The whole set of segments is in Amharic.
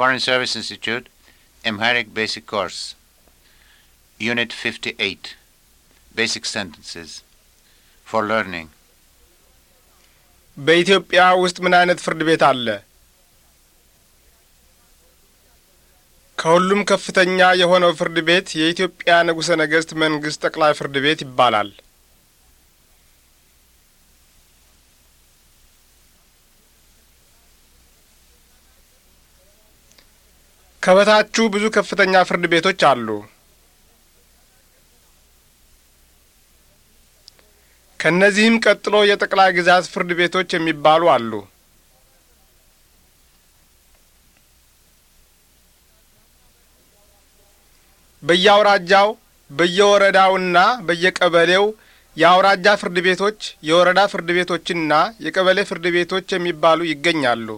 Foreign Service Institute Amharic Basic Course Unit 58 Basic Sentences for Learning በኢትዮጵያ ውስጥ ምን አይነት ፍርድ ቤት አለ? ከሁሉም ከፍተኛ የሆነው ፍርድ ቤት የኢትዮጵያ ንጉሠ ነገሥት መንግሥት ጠቅላይ ፍርድ ቤት ይባላል። ከበታችሁ ብዙ ከፍተኛ ፍርድ ቤቶች አሉ። ከእነዚህም ቀጥሎ የጠቅላይ ግዛት ፍርድ ቤቶች የሚባሉ አሉ። በየአውራጃው በየወረዳውና በየቀበሌው የአውራጃ ፍርድ ቤቶች፣ የወረዳ ፍርድ ቤቶችና የቀበሌ ፍርድ ቤቶች የሚባሉ ይገኛሉ።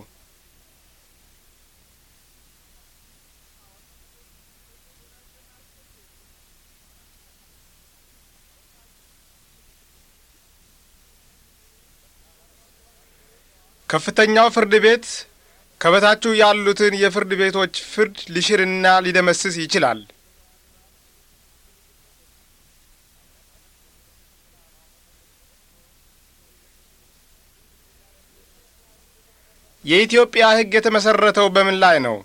ከፍተኛው ፍርድ ቤት ከበታችሁ ያሉትን የፍርድ ቤቶች ፍርድ ሊሽርና ሊደመስስ ይችላል። የኢትዮጵያ ሕግ የተመሰረተው በምን ላይ ነው?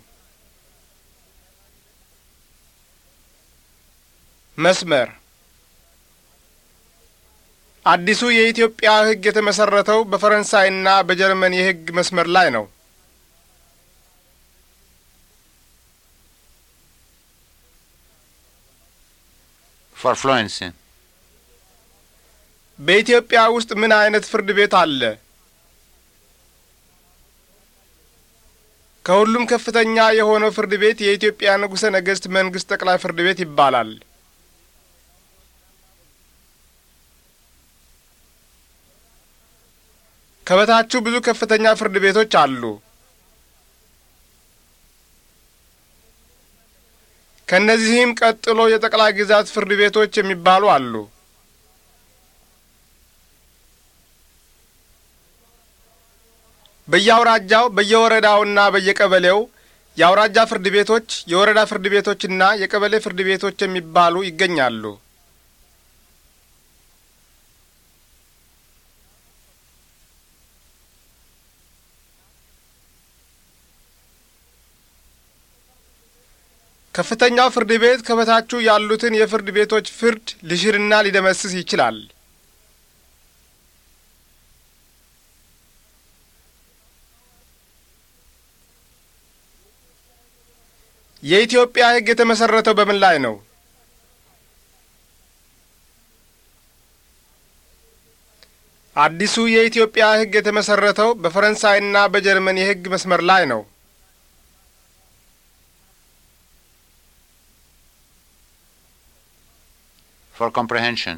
መስመር አዲሱ የኢትዮጵያ ሕግ የተመሰረተው በፈረንሳይና በጀርመን የሕግ መስመር ላይ ነው። በኢትዮጵያ ውስጥ ምን አይነት ፍርድ ቤት አለ? ከሁሉም ከፍተኛ የሆነው ፍርድ ቤት የኢትዮጵያ ንጉሠ ነገሥት መንግሥት ጠቅላይ ፍርድ ቤት ይባላል። ከበታችሁ ብዙ ከፍተኛ ፍርድ ቤቶች አሉ። ከእነዚህም ቀጥሎ የጠቅላይ ግዛት ፍርድ ቤቶች የሚባሉ አሉ። በየአውራጃው በየወረዳውና በየቀበሌው የአውራጃ ፍርድ ቤቶች፣ የወረዳ ፍርድ ቤቶችና የቀበሌ ፍርድ ቤቶች የሚባሉ ይገኛሉ። ከፍተኛው ፍርድ ቤት ከበታችሁ ያሉትን የፍርድ ቤቶች ፍርድ ሊሽርና ሊደመስስ ይችላል። የኢትዮጵያ ሕግ የተመሰረተው በምን ላይ ነው? አዲሱ የኢትዮጵያ ሕግ የተመሰረተው በፈረንሳይና በጀርመን የሕግ መስመር ላይ ነው። for comprehension.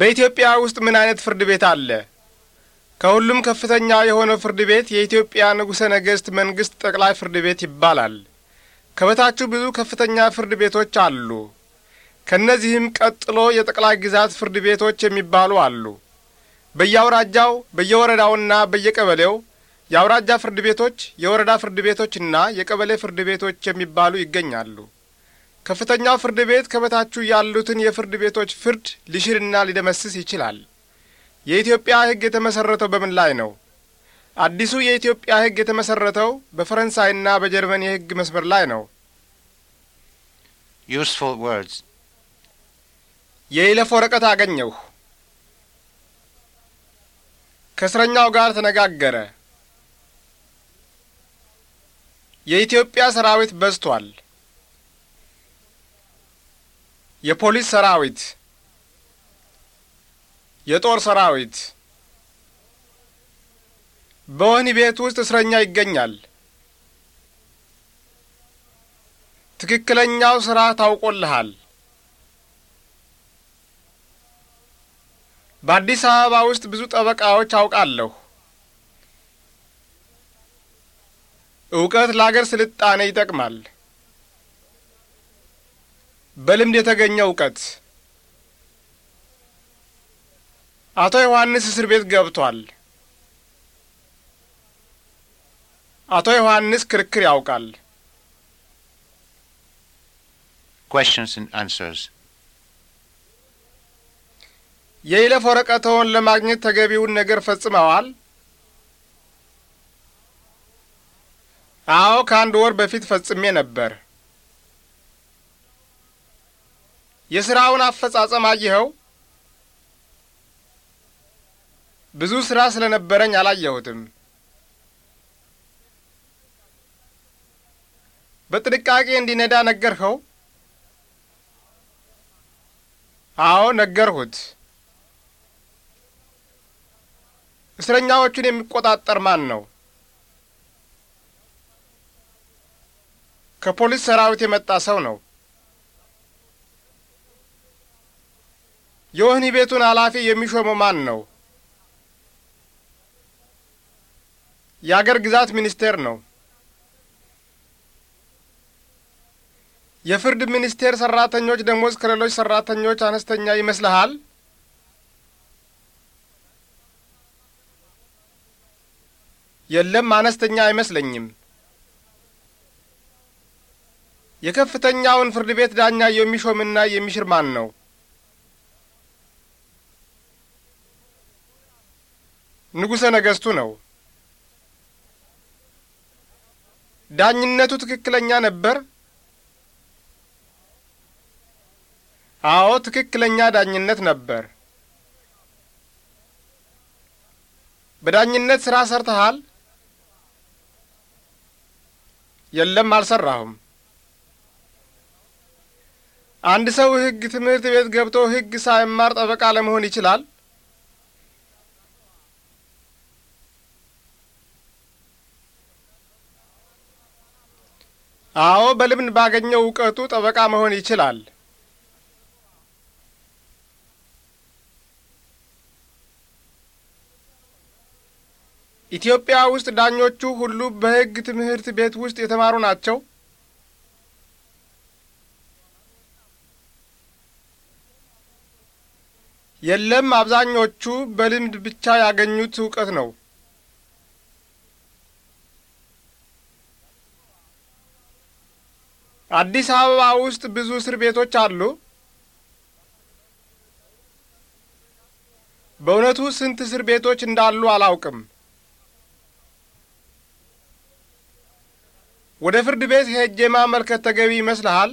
በኢትዮጵያ ውስጥ ምን አይነት ፍርድ ቤት አለ? ከሁሉም ከፍተኛ የሆነው ፍርድ ቤት የኢትዮጵያ ንጉሠ ነገሥት መንግሥት ጠቅላይ ፍርድ ቤት ይባላል። ከበታቹ ብዙ ከፍተኛ ፍርድ ቤቶች አሉ። ከእነዚህም ቀጥሎ የጠቅላይ ግዛት ፍርድ ቤቶች የሚባሉ አሉ። በየአውራጃው በየወረዳውና በየቀበሌው የአውራጃ ፍርድ ቤቶች፣ የወረዳ ፍርድ ቤቶችና የቀበሌ ፍርድ ቤቶች የሚባሉ ይገኛሉ። ከፍተኛው ፍርድ ቤት ከበታችሁ ያሉትን የፍርድ ቤቶች ፍርድ ሊሽርና ሊደመስስ ይችላል። የኢትዮጵያ ሕግ የተመሠረተው በምን ላይ ነው? አዲሱ የኢትዮጵያ ሕግ የተመሠረተው በፈረንሳይና በጀርመን የሕግ መስመር ላይ ነው። ዩስፉል ወርድስ የይለፍ ወረቀት አገኘሁ። ከእስረኛው ጋር ተነጋገረ። የኢትዮጵያ ሰራዊት በዝቷል። የፖሊስ ሰራዊት፣ የጦር ሰራዊት። በወህኒ ቤት ውስጥ እስረኛ ይገኛል። ትክክለኛው ስራ ታውቆልሃል። በአዲስ አበባ ውስጥ ብዙ ጠበቃዎች አውቃለሁ። እውቀት ለአገር ስልጣኔ ይጠቅማል። በልምድ የተገኘ እውቀት። አቶ ዮሐንስ እስር ቤት ገብቷል። አቶ ዮሐንስ ክርክር ያውቃል። questions and answers የይለፍ ወረቀትዎን ለማግኘት ተገቢውን ነገር ፈጽመዋል? አዎ፣ ከአንድ ወር በፊት ፈጽሜ ነበር። የሥራውን አፈጻጸም አየኸው? ብዙ ሥራ ስለነበረኝ አላየሁትም። በጥንቃቄ እንዲነዳ ነገርኸው? አዎ ነገርሁት። እስረኛዎቹን የሚቆጣጠር ማን ነው? ከፖሊስ ሰራዊት የመጣ ሰው ነው። የወህኒ ቤቱን ኃላፊ የሚሾመው ማን ነው? የአገር ግዛት ሚኒስቴር ነው። የፍርድ ሚኒስቴር ሰራተኞች ደሞዝ ከሌሎች ሰራተኞች አነስተኛ ይመስልሃል? የለም፣ አነስተኛ አይመስለኝም። የከፍተኛውን ፍርድ ቤት ዳኛ የሚሾምና የሚሽር ማን ነው? ንጉሠ ነገሥቱ ነው። ዳኝነቱ ትክክለኛ ነበር? አዎ፣ ትክክለኛ ዳኝነት ነበር። በዳኝነት ሥራ ሰርተሃል? የለም፣ አልሰራሁም። አንድ ሰው ሕግ ትምህርት ቤት ገብቶ ሕግ ሳይማር ጠበቃ ለመሆን ይችላል? አዎ፣ በልምድ ባገኘው እውቀቱ ጠበቃ መሆን ይችላል። ኢትዮጵያ ውስጥ ዳኞቹ ሁሉ በሕግ ትምህርት ቤት ውስጥ የተማሩ ናቸው? የለም፣ አብዛኞቹ በልምድ ብቻ ያገኙት እውቀት ነው። አዲስ አበባ ውስጥ ብዙ እስር ቤቶች አሉ? በእውነቱ ስንት እስር ቤቶች እንዳሉ አላውቅም። ወደ ፍርድ ቤት ሄጄ ማመልከት ተገቢ ይመስልሃል?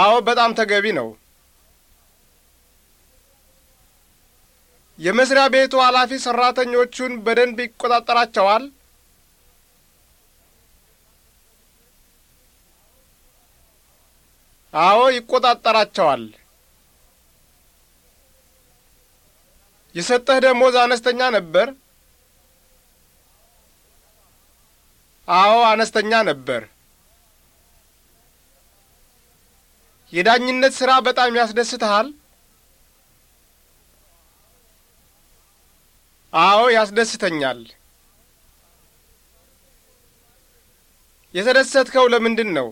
አዎ፣ በጣም ተገቢ ነው። የመስሪያ ቤቱ ኃላፊ ሠራተኞቹን በደንብ ይቆጣጠራቸዋል? አዎ ይቆጣጠራቸዋል። የሰጠህ ደሞዝ አነስተኛ ነበር? አዎ አነስተኛ ነበር። የዳኝነት ሥራ በጣም ያስደስትሃል? አዎ ያስደስተኛል። የተደሰትከው ለምንድን ነው?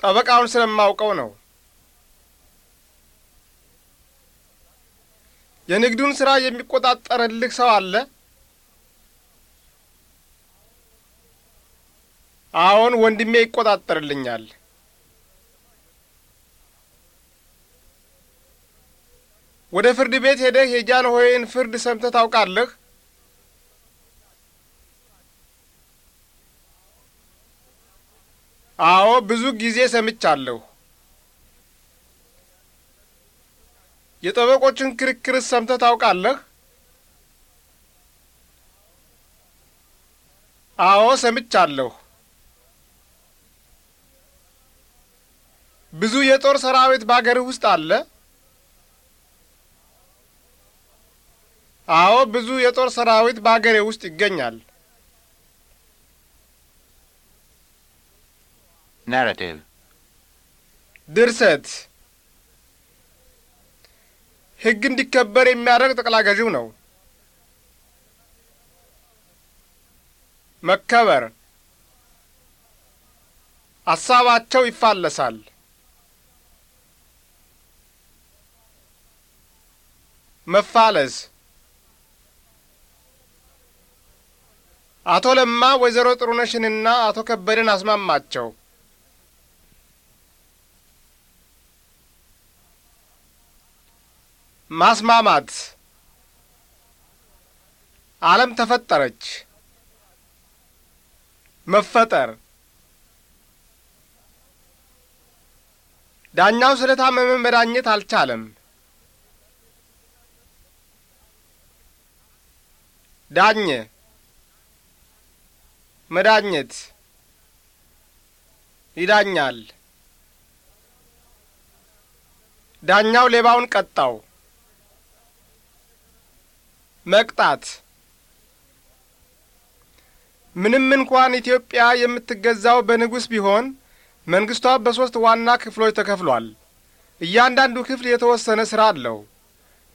ጠበቃውን ስለማውቀው ነው። የንግዱን ሥራ የሚቆጣጠርልህ ሰው አለ? አሁን ወንድሜ ይቆጣጠርልኛል። ወደ ፍርድ ቤት ሄደህ የጃንሆይን ፍርድ ሰምተህ ታውቃለህ? አዎ ብዙ ጊዜ ሰምቻለሁ። የጠበቆችን ክርክር ሰምተህ ታውቃለህ? አዎ ሰምቻለሁ። ብዙ የጦር ሰራዊት በአገርህ ውስጥ አለ? አዎ ብዙ የጦር ሰራዊት በአገሬ ውስጥ ይገኛል። ናራቲቭ ድርሰት ሕግ እንዲከበር የሚያደርግ ጠቅላይ ገዥው ነው። መከበር አሳባቸው ይፋለሳል። መፋለስ አቶ ለማ ወይዘሮ ጥሩነሽንና አቶ ከበደን አስማማቸው። ማስማማት ዓለም ተፈጠረች። መፈጠር ዳኛው ታመመ መዳኘት አልቻለም። ዳኘ መዳኘት ይዳኛል። ዳኛው ሌባውን ቀጣው። መቅጣት ምንም እንኳን ኢትዮጵያ የምትገዛው በንጉሥ ቢሆን መንግሥቷ በሦስት ዋና ክፍሎች ተከፍሏል። እያንዳንዱ ክፍል የተወሰነ ሥራ አለው።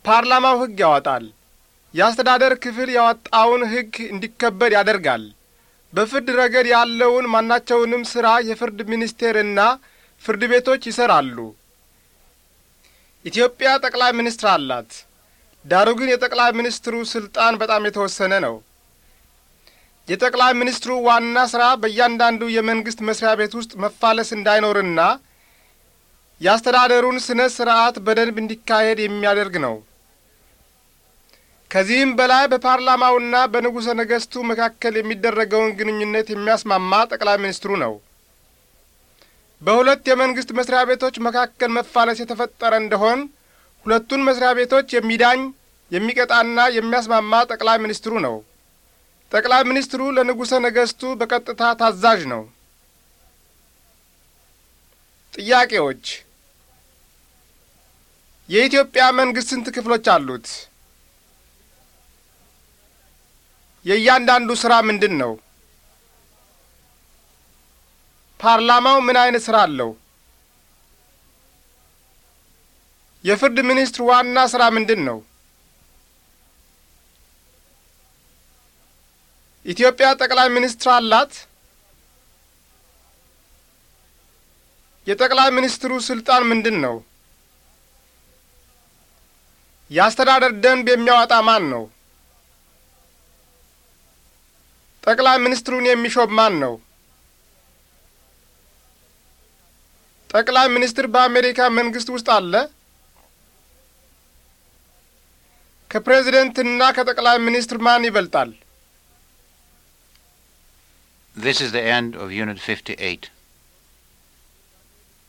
ፓርላማው ሕግ ያወጣል። የአስተዳደር ክፍል ያወጣውን ሕግ እንዲከበር ያደርጋል። በፍርድ ረገድ ያለውን ማናቸውንም ሥራ የፍርድ ሚኒስቴርና ፍርድ ቤቶች ይሠራሉ። ኢትዮጵያ ጠቅላይ ሚኒስትር አላት። ዳሩ ግን የጠቅላይ ሚኒስትሩ ስልጣን በጣም የተወሰነ ነው። የጠቅላይ ሚኒስትሩ ዋና ስራ በእያንዳንዱ የመንግስት መስሪያ ቤት ውስጥ መፋለስ እንዳይኖርና የአስተዳደሩን ስነ ስርዓት በደንብ እንዲካሄድ የሚያደርግ ነው። ከዚህም በላይ በፓርላማውና በንጉሠ ነገሥቱ መካከል የሚደረገውን ግንኙነት የሚያስማማ ጠቅላይ ሚኒስትሩ ነው። በሁለት የመንግስት መስሪያ ቤቶች መካከል መፋለስ የተፈጠረ እንደሆን ሁለቱን መስሪያ ቤቶች የሚዳኝ የሚቀጣና የሚያስማማ ጠቅላይ ሚኒስትሩ ነው። ጠቅላይ ሚኒስትሩ ለንጉሠ ነገሥቱ በቀጥታ ታዛዥ ነው። ጥያቄዎች የኢትዮጵያ መንግሥት ስንት ክፍሎች አሉት? የእያንዳንዱ ሥራ ምንድን ነው? ፓርላማው ምን አይነት ሥራ አለው? የፍርድ ሚኒስትር ዋና ስራ ምንድን ነው? ኢትዮጵያ ጠቅላይ ሚኒስትር አላት? የጠቅላይ ሚኒስትሩ ስልጣን ምንድን ነው? የአስተዳደር ደንብ የሚያወጣ ማን ነው? ጠቅላይ ሚኒስትሩን የሚሾብ ማን ነው? ጠቅላይ ሚኒስትር በአሜሪካ መንግስት ውስጥ አለ? ከፕሬዝደንትና ከጠቅላይ ሚኒስትር ማን ይበልጣል? This is the end of Unit 58.